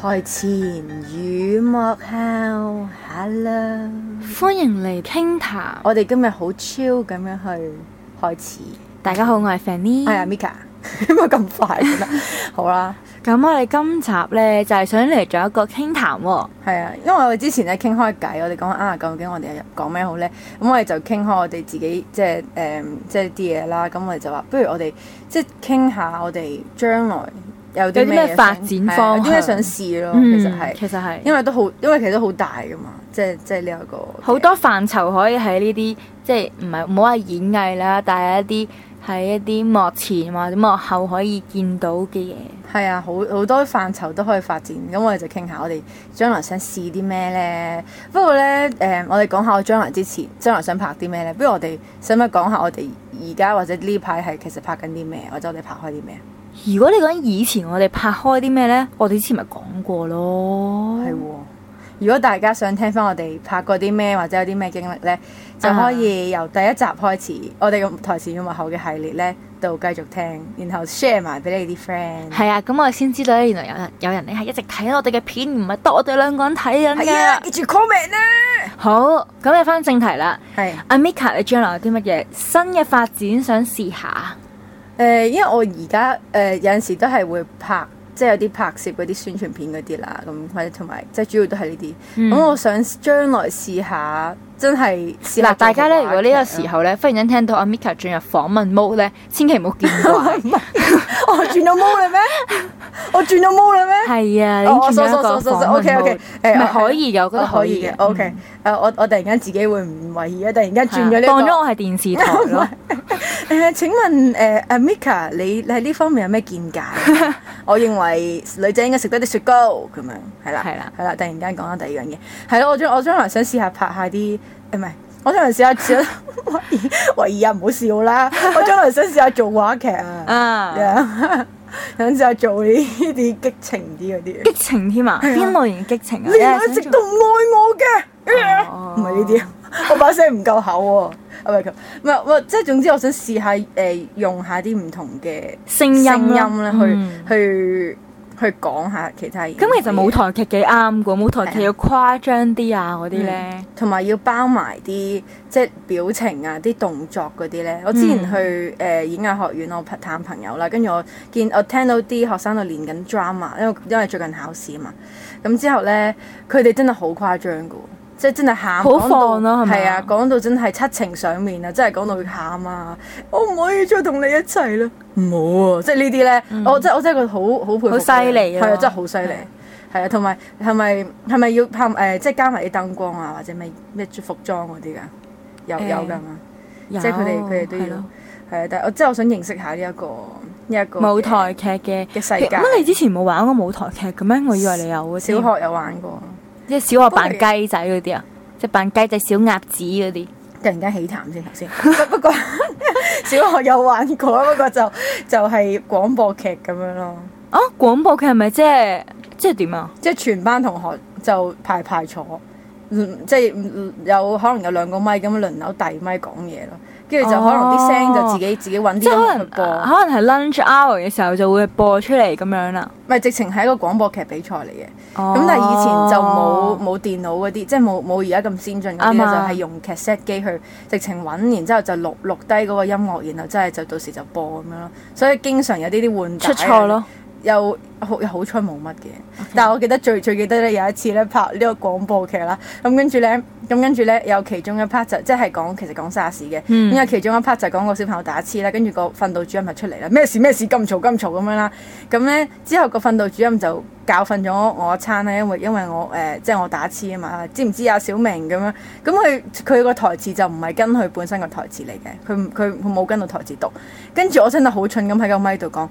.台前與幕後，Hello，歡迎嚟傾談。我哋今日好超咁樣去開始。大家好，我係 Fanny，係啊、哎、，Mika，點解 咁快？ 好啦吧，咁、嗯、我哋今集咧就係、是、想嚟做一個傾談、哦。係啊、 嗯，因為我哋之前咧傾開偈，我哋講啊，究竟我哋入講咩好咧？咁、嗯、我哋就傾開我哋自己即係誒，即係啲嘢啦。咁我哋就話，不如我哋即係傾下我哋將來。有啲咩發展方？有啲咩想試咯？嗯、其實係，其實係，因為都好，因為其實都好大㗎嘛。即係即係呢一個好多範疇可以喺呢啲，即係唔係唔好話演藝啦，但係一啲喺一啲幕前或者幕後可以見到嘅嘢。係啊，好好多範疇都可以發展。咁我哋就傾下，我哋將來想試啲咩咧？不過咧，誒、呃，我哋講下我將來之前，將來想拍啲咩咧？不如我哋使唔使講下我哋而家或者呢排係其實拍緊啲咩？或者我哋拍開啲咩？如果你講以前我哋拍開啲咩呢？我哋之前咪講過咯。係，如果大家想聽翻我哋拍過啲咩或者有啲咩經歷呢，就可以由第一集開始，uh, 我哋嘅台前嘅幕後嘅系列呢，度繼續聽，然後 share 埋俾你啲 friend。係啊，咁我哋先知道咧，原來有人有人你係一直睇我哋嘅片，唔係得我哋兩個人睇緊嘅。記住 comment 呢、啊。好，咁你翻正題啦。係的。阿 Mika，你將來有啲乜嘢新嘅發展想試下？誒，因為我而家誒有陣時都係會拍，即係有啲拍攝嗰啲宣傳片嗰啲啦，咁或者同埋即係主要都係呢啲。咁、嗯、我想將來試下，真係嗱，大家咧，如果呢個時候咧，忽然間聽到阿 Mika 進入訪問 mode 咧，千祈唔好見怪。我進入 mode 我轉咗 mode 啦咩？係啊，你轉咗一個訪問。唔係可以嘅，我覺得可以嘅。OK，誒，我我突然間自己會唔懷疑啊！突然間轉咗呢個，放咗我係電視台咯。誒，請問誒，Mika，你你喺呢方面有咩見解？我認為女仔應該食多啲雪糕咁樣，係啦，係啦，係啦。突然間講咗第二樣嘢，係咯，我將我將來想試下拍下啲誒，唔係，我將來試下做懷疑，懷疑啊，唔好笑啦！我將來想試下做話劇啊。有時就做呢啲激情啲嗰啲，激情添啊？邊類型激情啊？哦呃、啊？你一直都唔愛我嘅。唔係呢啲，我把聲唔夠厚，唔係唔係，即係總之我想試下誒，用下啲唔同嘅聲音啦，嗯、去去。去講下其他嘢、嗯。咁其實舞台劇幾啱嘅，舞台劇要誇張啲啊嗰啲、嗯、呢，同埋要包埋啲即係表情啊、啲動作嗰啲呢。我之前去誒、嗯呃、演藝學院，我探朋友啦，跟住我見我聽到啲學生度練緊 drama 因為因為最近考試啊嘛。咁之後呢，佢哋真係好誇張嘅喎。即係真係喊好放囉，係啊，講到真係七情上面啊，真係講到佢喊啊！我唔可以再同你一齊啦！唔好啊！即係呢啲咧，我真我真係覺得好好佩服，好犀利啊！係啊，真係好犀利！係啊，同埋係咪係咪要拍？即係加埋啲燈光啊，或者咩咩服裝嗰啲㗎？又有㗎嘛？即係佢哋佢哋都要係啊！但係我真係我想認識下呢一個呢一個舞台劇嘅嘅世界。咁你之前冇玩過舞台劇咁咩？我以為你有嘅。小學有玩過。即係小學扮雞仔嗰啲啊， 即係扮雞仔小鴨，小鴨子嗰啲。突然間起痰先，頭先 不過小學有玩過，不過就就係、是、廣播劇咁樣咯。啊，廣播劇係咪即係即係點啊？即係全班同學就排排坐，嗯、即係有可能有兩個咪咁樣輪流遞咪講嘢咯。跟住就可能啲聲就自己、哦、自己揾啲音樂去播，啊，可能係 lunch hour 嘅時候就會播出嚟咁樣啦。唔係直情係一個廣播劇比賽嚟嘅，咁、哦、但係以前就冇冇、哦、電腦嗰啲，即係冇冇而家咁先進嗰啲，吧就係用 cassette 機去直情揾，然之後就錄錄低嗰個音樂，然後即係就到時就播咁樣咯。所以經常有啲啲換帶出錯咯。有，有好又好彩冇乜嘅，Okay. 但係我記得最最記得咧，有一次咧拍呢個廣播劇啦，咁、嗯嗯、跟住咧，咁跟住咧有其中一 part 就即係講其實講沙士嘅，咁啊、嗯、其中一 part 就講個小朋友打黐啦，跟住個訓導主任咪出嚟啦，咩事咩事咁嘈咁嘈咁樣啦，咁咧之後個訓導主任就教訓咗我一餐啦，因為因為我誒即係我打黐啊嘛，知唔知阿、啊、小明咁樣咁佢佢個台詞就唔係跟佢本身個台詞嚟嘅，佢佢佢冇跟到台詞讀，跟住我真係好蠢咁喺個咪度講。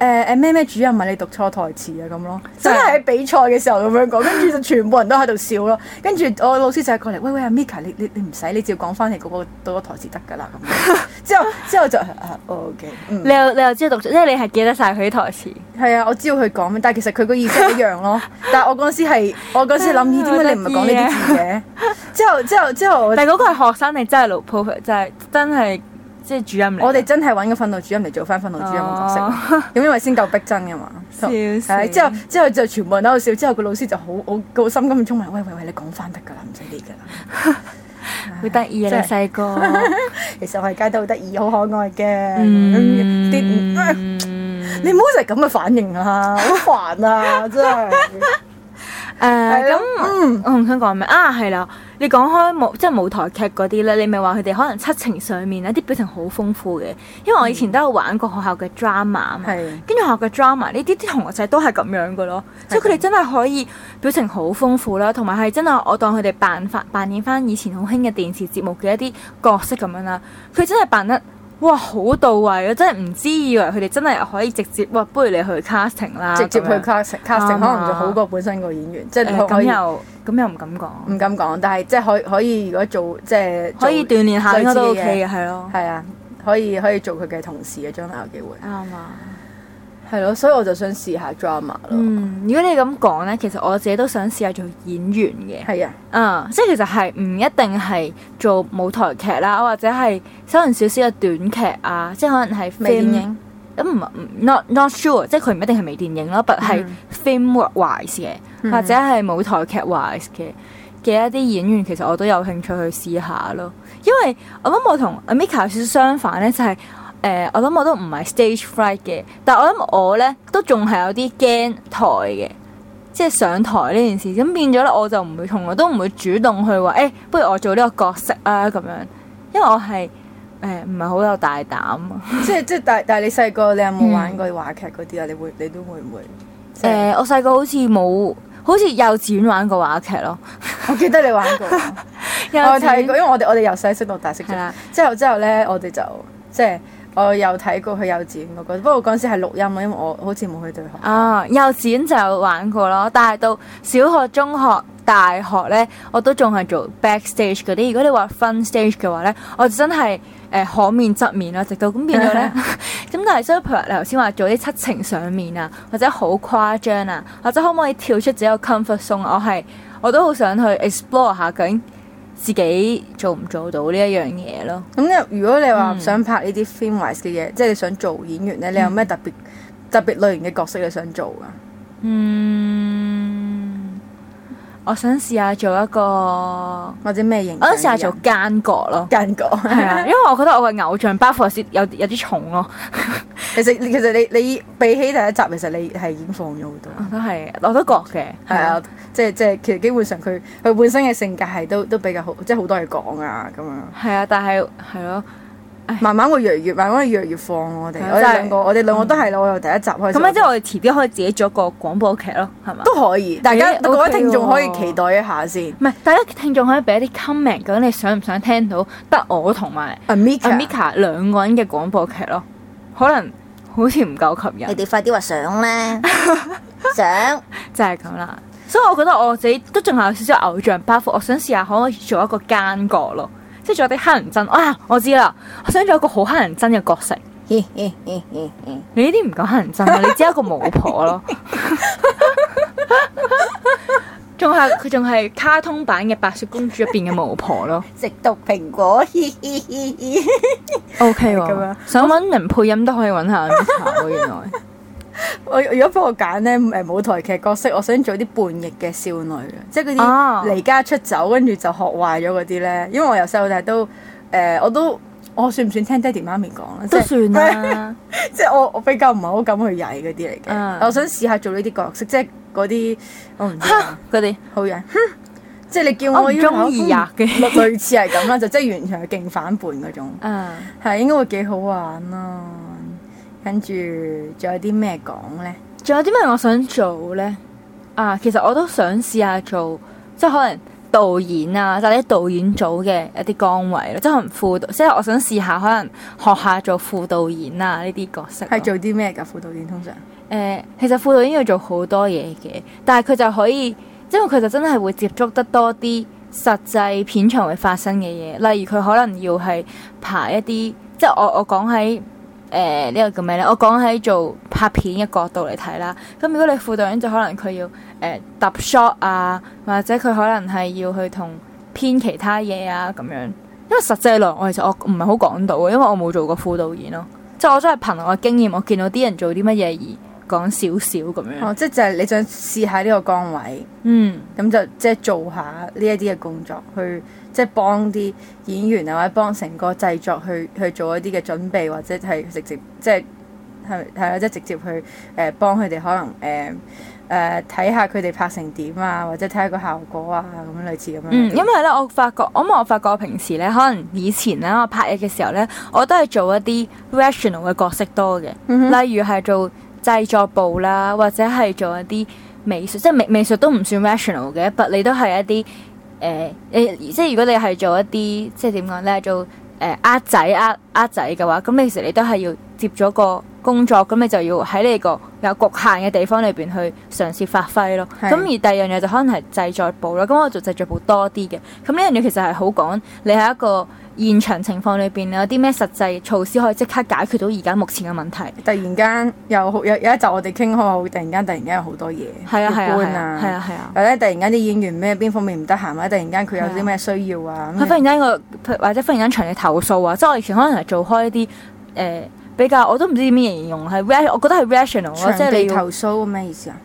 誒誒咩咩主任，問你讀錯台詞啊咁咯，的真係喺比賽嘅時候咁樣講，跟住就全部人都喺度笑咯。跟住我老師就係過嚟，喂喂阿 Mika，你你你唔使，你照要講翻你嗰個台詞得㗎啦咁。之後之後就啊 OK、嗯、你又你又知道讀，即係你係記得晒佢啲台詞。係啊、嗯，我知道佢講咩，但係其實佢個意思一樣咯。 但係我嗰陣時係，我嗰陣時諗咦，點解 你唔係講呢啲字嘅？ 之後之後之後，之後之後但係嗰個係學生你真係老 p e 就係真係。即係主任嚟，我哋真係揾個訓導主任嚟做翻訓導主任嘅角色，咁因為先夠逼真噶嘛。笑,笑、嗯、之後之後就全部人喺度笑，之後個老師就好好好心咁沖埋，喂喂喂，你講翻得噶啦，唔使、就是、你噶啦，好得意啊！細個，其實我係街都好得意，好可愛嘅。Mm. 你唔好就係咁嘅反應啦、啊，好煩啊！真係。誒、uh, 嗯，咁、嗯嗯，我嗯，想講咩啊？係啦。你講開舞即係舞台劇嗰啲咧，你咪話佢哋可能七情上面咧啲表情好豐富嘅，因為我以前都有玩過學校嘅 drama 啊，跟住的學校嘅 drama 呢啲啲同學仔都係咁樣嘅咯，即係佢哋真係可以表情好豐富啦，同埋係真係我當佢哋扮返扮演翻以前好興嘅電視節目嘅一啲角色咁樣啦，佢真係扮得哇好到位啊，真係唔知以為佢哋真係可以直接哇，不如你去 casting 啦，直接去 casting，casting 樣 casting 可能就好過本身個演員，即係佢可咁又唔敢講，唔敢講，但係即係可可以。可以如果做即係、就是、可以鍛鍊下自己嘅。係咯，係啊、哦，可以可以做佢嘅同事嘅，將來有機會啱啊，係咯，所以我就想試下 drama 咯。嗯，如果你咁講咧，其實我自己都想試下做演員嘅，係啊，的，嗯，即係其實係唔一定係做舞台劇啦，或者係收能少少嘅短劇啊，即係可能係微，Film？電影。咁唔唔，not not sure，即係佢唔一定係微電影咯，but 係 filmwork wise 嘅，或者係舞台劇 wise 嘅嘅一啲演員，其實我都有興趣去試下咯。因為我諗我同 Amika 有少少相反咧、就是，就係誒，我諗我都唔係 stage fright 嘅，但係我諗我咧都仲係有啲驚台嘅，即係上台呢件事。咁變咗咧，我就唔會從來都唔會主動去話，誒、欸，不如我做呢個角色啊咁樣，因為我係。誒唔係好有大膽、啊即，即係即係，但但係你細個你有冇玩過話劇嗰啲啊？你會你都會唔會誒？我細個好似冇，好似幼稚園玩過話劇咯。我記得你玩過， 稚我睇過，因為我哋我哋由細識到大識咗。啦之後之後咧，我哋就即係我有睇過去幼稚園嗰、嗰個，不過嗰陣時係錄音，因為我好似冇去對學啊。幼稚園就玩過咯，但係到小學、中學、大學咧，我都仲係做 backstage 嗰啲。如果你話 front stage 嘅話咧，我真係。誒、呃、可面側面啦，直到咁變咗咧，咁 但係所以譬如你頭先話做啲七情上面啊，或者好誇張啊，或者可唔可以跳出自己個 comfort zone？、啊、我係我都好想去 explore 下究竟自己做唔做到呢一樣嘢咯。咁如如果你話想拍呢啲 f e m i n i s e 嘅嘢，即係你想做演員咧，你有咩特別特別類型嘅角色你想做啊？嗯。嗯嗯嗯嗯我想試下做一個或者咩型，我都試下做奸角咯。奸角，係啊，因為我覺得我嘅偶像包袱有啲有啲重咯、啊。 其實其實你你比起第一集，其實你係已經放咗好多。我都係，我都覺嘅，係啊，啊，即係即係其實基本上佢佢本身嘅性格係都都比較好，即係好多嘢講啊咁樣。係啊，但係係咯。慢慢會越嚟越，慢慢會越嚟越，越放我哋。 我哋兩個，我哋兩個都係咯。嗯、我由第一集開始樣。咁咧，即係我哋遲啲可以自己做一個廣播劇咯，係咪？都可以，大家，各位、欸、聽眾可以期待一下先。唔係、欸 okay 哦，大家聽眾可以俾一啲 comment，究竟你想唔想聽到得我同埋阿 Mika、阿 Mika 兩個人嘅廣播劇咯？可能好似唔夠吸引。你哋快啲話想咧， 想 就係咁啦。所以我覺得我自己都仲係有少少偶像包袱，我想試下可唔可以做一個奸角咯。想做啲黑人憎啊！我知啦，我想做一個好黑人憎嘅角色。嘿嘿嘿嘿，你呢啲唔講黑人憎， 你只係一個巫婆咯。仲係佢仲係卡通版嘅白雪公主入邊嘅巫婆咯。食毒蘋果。OK，咁樣想揾人配音都可以揾下。 原來我 如果幫我揀咧，誒，舞台劇角色，我想做啲叛逆嘅少女，即係嗰啲離家出走，跟住就學壞咗嗰啲咧。因為我由細到大都，誒、呃、我都我算唔算聽爹哋媽咪講咧？都算啦， 即係我我比較唔係好敢去曳嗰啲嚟嘅。嗯、我想試下做呢啲角色，即係嗰啲我唔知嗰啲蛤好曳，即係你叫我中意啊嘅，嗯、 類似係咁啦， 就即係完全勁反叛嗰種。嗯，係 應該會幾好玩咯。跟住，仲有啲咩講呢？仲有啲咩我想做呢？啊，其實我都想試下做，即係可能導演啊，即係啲導演組嘅一啲崗位，即係可能副導，即係我想試下，可能學下做副導演啊呢啲角色。係做啲咩噶？副導演通常誒、欸，其實副導演要做好多嘢嘅，但係佢就可以，因為佢就真係會接觸得多啲實際片場會發生嘅嘢。例如佢可能要係排一啲，即係我我講喺。誒呢、呃這個叫咩咧？我講喺做拍片嘅角度嚟睇啦。咁如果你副導演，就可能佢要誒揼 shot 啊，或者佢可能係要去同編其他嘢啊咁樣。因為實際來，我其實我唔係好講到嘅，因為我冇做過副導演咯、啊。即係我真係憑我經驗，我見到啲人做啲乜嘢而。講少少咁樣哦，即係就係你想試下呢個崗位，嗯，咁就即係、就是、做下呢一啲嘅工作，去即係、就是、幫啲演員啊，嗯、或者幫成個製作去去做一啲嘅準備，或者係直接即係係係啦，即係直接去誒、呃、幫佢哋可能誒誒睇下佢哋拍成點啊，或者睇下個效果啊，咁類似咁樣、嗯。因為咧，我發覺咁啊，因為我發覺平時咧，可能以前咧，我拍嘢嘅時候咧，我都係做一啲 rational 嘅角色多嘅，嗯、哼例如係做。製作部啦，或者係做一啲美術，即係美美術都唔算 rational 嘅，但係你都係一啲誒誒，即係如果你係做一啲即係點講咧，做誒 art 仔，art art 仔嘅話，咁你其實你都係要。接咗個工作，咁你就要喺你個有局限嘅地方裏邊去嘗試發揮咯。咁是而第二樣嘢就可能係製作部咯。咁我做製作部多啲嘅，咁呢樣嘢其實係好講你喺一個現場情況裏邊有啲咩實際措施可以即刻解決到而家目前嘅問題。突然間有有有一集我哋傾好，突然間突然間有好多嘢，係啊係啊係啊，或者突然間啲演員咩邊方面唔得閒啊，突然間佢有啲咩需要啊。佢忽然間個或者忽然間場嘅投訴啊，即係我以前可能係做開一啲誒。呃呃比較我都唔知點樣形容，係 rational，我覺得係 rational 咯，即係你要場地投訴咩意思啊？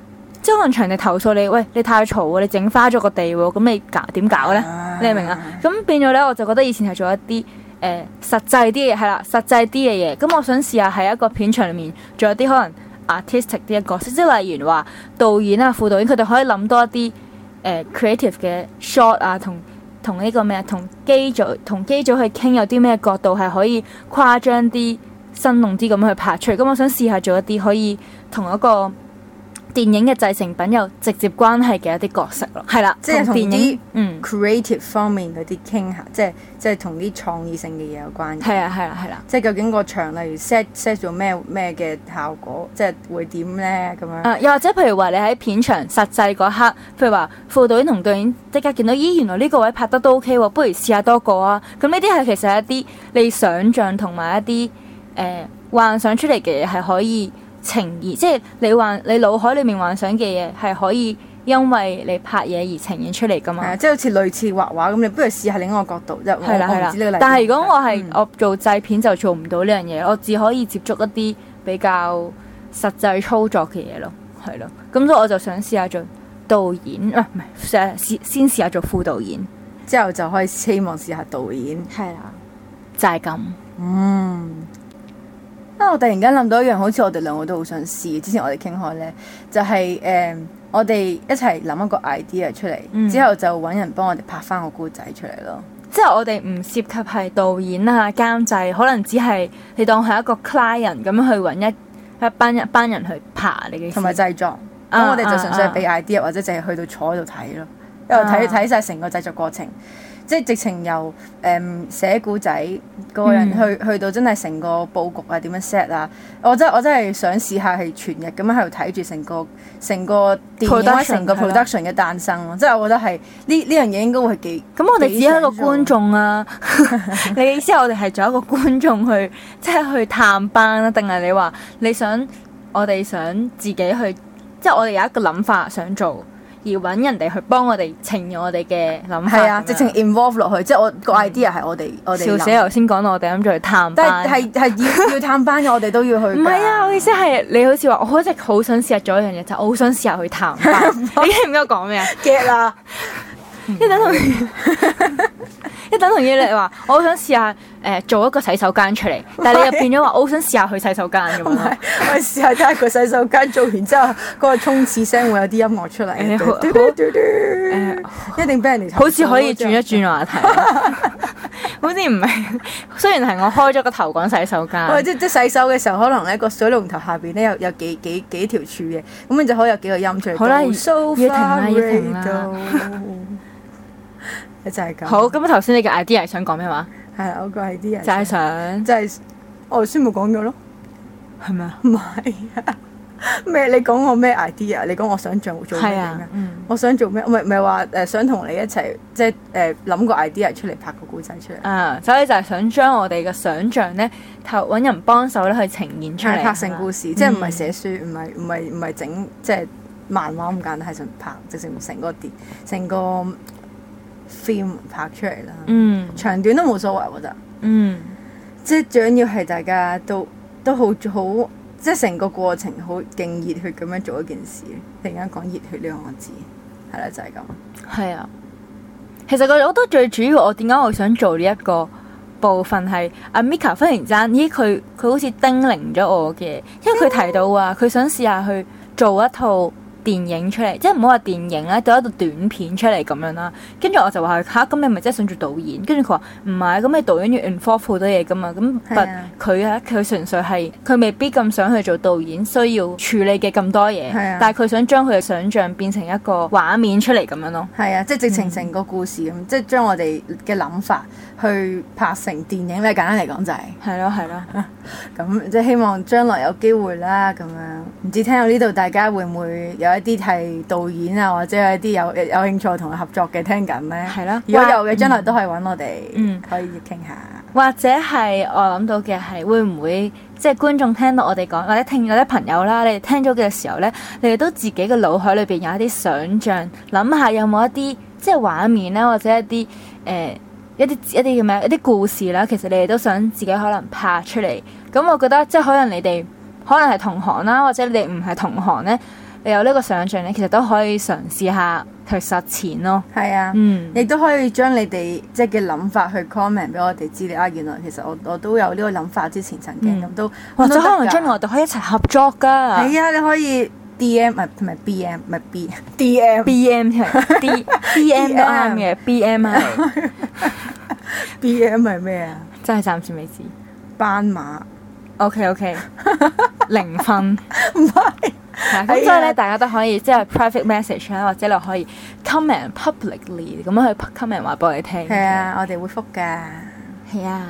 即係可能場地投訴你，喂，你太嘈啊！你整花咗個地喎，咁你搞點搞咧？唉你明唔明啊？咁變咗咧，我就覺得以前係做一啲誒、呃、實際啲嘢，係啦，實際啲嘅嘢。咁我想試下喺一個片場裡面，做一啲可能 artistic 啲嘅角色，即係例如話導演啊、副導演，佢哋可以諗多一啲誒、呃、creative 嘅 shot 啊，同同呢個咩啊，同機組、同機組去傾有啲咩角度係可以誇張啲。生動啲咁去拍出嚟咁，我想試下做一啲可以同一個電影嘅製成品有直接關係嘅一啲角色咯。係啦、嗯，即係同啲 creative 方面嗰啲傾下，即係即係同啲創意性嘅嘢有關。係啊，係啦，係啦，即係究竟個場，例如 set set 做咩咩嘅效果，即係會點咧咁樣，呢樣啊？又或者譬如話，你喺片場實際嗰刻，譬如話副導演同導演即刻見到，咦，原來呢個位拍得都 OK 喎，不如試下多個啊。咁呢啲係其實一啲你想像同埋一啲。誒、呃、幻想出嚟嘅嘢係可以呈現，即係你幻你腦海裡面幻想嘅嘢係可以因為你拍嘢而呈現出嚟㗎嘛？啊、即係好似類似畫畫咁，你不如試下另一個角度。但係如果我係、嗯、我做製片就做唔到呢樣嘢，我只可以接觸一啲比較實際操作嘅嘢咯，係咯。咁所以我就想試下做導演，啊、唔係，試下先試下做副導演，之後就可以希望試下導演。係啦，就係咁。嗯。啊！我突然間諗到一樣，好似我哋兩個都好想試。之前我哋傾開咧，就係、是、誒、呃，我哋一齊諗一個 idea 出嚟，嗯、之後就揾人幫我哋拍翻個故仔出嚟咯。即係我哋唔涉及係導演啊監製，可能只係你當係一個 client 咁樣去搵一班一班人去拍你嘅，同埋製作。咁、啊、我哋就純粹係俾 idea，或者淨係去到坐喺度睇咯，因為睇睇晒成個製作過程。即係直情由誒、嗯、寫故仔嗰個人去去到真係成個佈局啊，點樣 set 啊，我真我真係想試下係全日咁樣喺度睇住成個成個電影成 Production, 個 production 嘅誕生咯，即係我覺得係呢呢樣嘢應該會幾咁，我哋只係一個觀眾啊？ 你意思我哋係做一個觀眾去即係去探班啊？定係你話你想我哋想自己去？即係我哋有一個諗法想做。要揾人哋去幫我哋襯我哋嘅諗法，係啊，直情 involve 落去，嗯、即係我個 idea 係我哋我哋。笑死子！頭先講我哋們咁，再去探班，但係係要要探班嘅， 我哋都要去。唔係啊，我意思係你好似話，我一直好想試下做一樣嘢，就係我好想試下去探班。 你知唔知我講咩啊？get 啦！ 一等同一等同於你話，我好想試下誒做一個洗手間出嚟，但係你又變咗話，我好想試下去洗手間咁樣， 我試下睇下個洗手間做完之後，嗰、那個沖廁聲會有啲音樂出嚟。一定俾人好似可以轉一轉話題後。 好似唔係，雖然係我開咗個頭講洗手間， 哦、即即，即洗手嘅時候，可能呢個水龍頭下邊呢有有幾幾幾，幾條柱嘅，咁你就可以有幾個音出嚟。好啦，So far 要停啦，要停啦。 你就係咁好，咁啊，頭先你嘅 idea 想講咩話？係我個 idea，就係想，即係、就是、我先冇講咗咯，係咪嗎啊？唔係咩？你講我咩 idea？你講我想做做咩嘢、啊嗯、我想做咩？唔係唔係話誒想同你一齊，即係誒諗個 idea 出嚟，拍個故仔出嚟啊、嗯！所以就係想將我哋嘅想象咧，頭搵人幫手咧去呈現出嚟，對拍成故事，嗎即係唔係寫書，唔係唔係唔係整即係漫畫咁簡單，係想拍，直情成個電，成個。Film 拍出嚟啦，嗯，長短都冇所謂，我覺得，嗯，即係最緊要係大家都、嗯、都好好，即係成個過程好勁熱血咁樣做一件事，突然間講熱血呢兩個字，係啦就係、是、咁，係啊，其實我我覺得最主要我點解我想做呢一個部分係阿 Mika 忽然間，咦佢佢好似叮嚀咗我嘅，因為佢提到話佢想試下去做一套。電影出嚟，即係唔好話電影啦，就一個短片出嚟咁樣啦。跟住我就話嚇，咁、啊、你咪真係想做導演？跟住佢話唔係，咁你導演要 involve 好多嘢噶嘛。咁佢佢啊，佢純粹係佢未必咁想去做導演，需要處理嘅咁多嘢。啊、但係佢想將佢嘅想像變成一個畫面出嚟咁樣咯。係啊，即係直情成個故事咁，嗯、即係將我哋嘅諗法。去拍成電影咧，簡單嚟講就係、是。係咯，係咯。咁 即係希望將來有機會啦，咁樣唔知聽到呢度大家會唔會有一啲係導演啊，或者有一啲有有，有興趣同佢合作嘅聽緊咧？係咯的，如果有嘅將來都可以搵我哋，嗯嗯、可以傾下。或者係我諗到嘅係，會唔會即係觀眾聽到我哋講，或者聽有啲朋友啦，你哋聽咗嘅時候咧，你哋都自己嘅腦海裏邊有一啲想像，諗下有冇一啲即係畫面咧，或者一啲誒。呃一啲一啲叫咩？一啲故事啦，其實你哋都想自己可能拍出嚟。咁我覺得即係可能你哋可能係同行啦，或者你哋唔係同行呢。你有呢個想象呢，其實都可以嘗試下去實踐咯。係啊，嗯，亦都可以將你哋即係嘅諗法去 comment 俾我哋知。啊，原來其實我我都有呢個諗法，之前曾經咁，嗯，都。或者哇，啊，就可能將來我哋可以一齊合作㗎。係啊，你可以。D.M. 唔係 B.M. 唔係 B.D.M. B.M. 係 D.D.M. 都啱嘅 B.M. 係 B.M. 係咩啊？真係暫時未知。斑馬。O.K.O.K. 零分。唔係。咁所以咧，大家都可以即係 private message 啦，或者你可以 comment publicly，咁樣去 comment 話俾我哋聽。係啊，我哋會復㗎。係啊。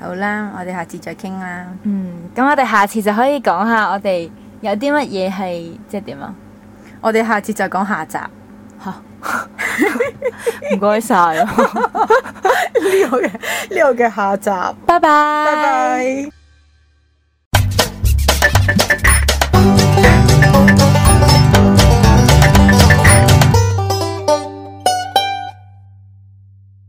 好啦，我哋下次再傾啦。嗯，咁我哋下次就可以講下我哋。有啲乜嘢係即係點啊？我哋下次再講下集嚇，唔該晒，呢個嘅，呢個嘅下集，拜拜，拜拜。這個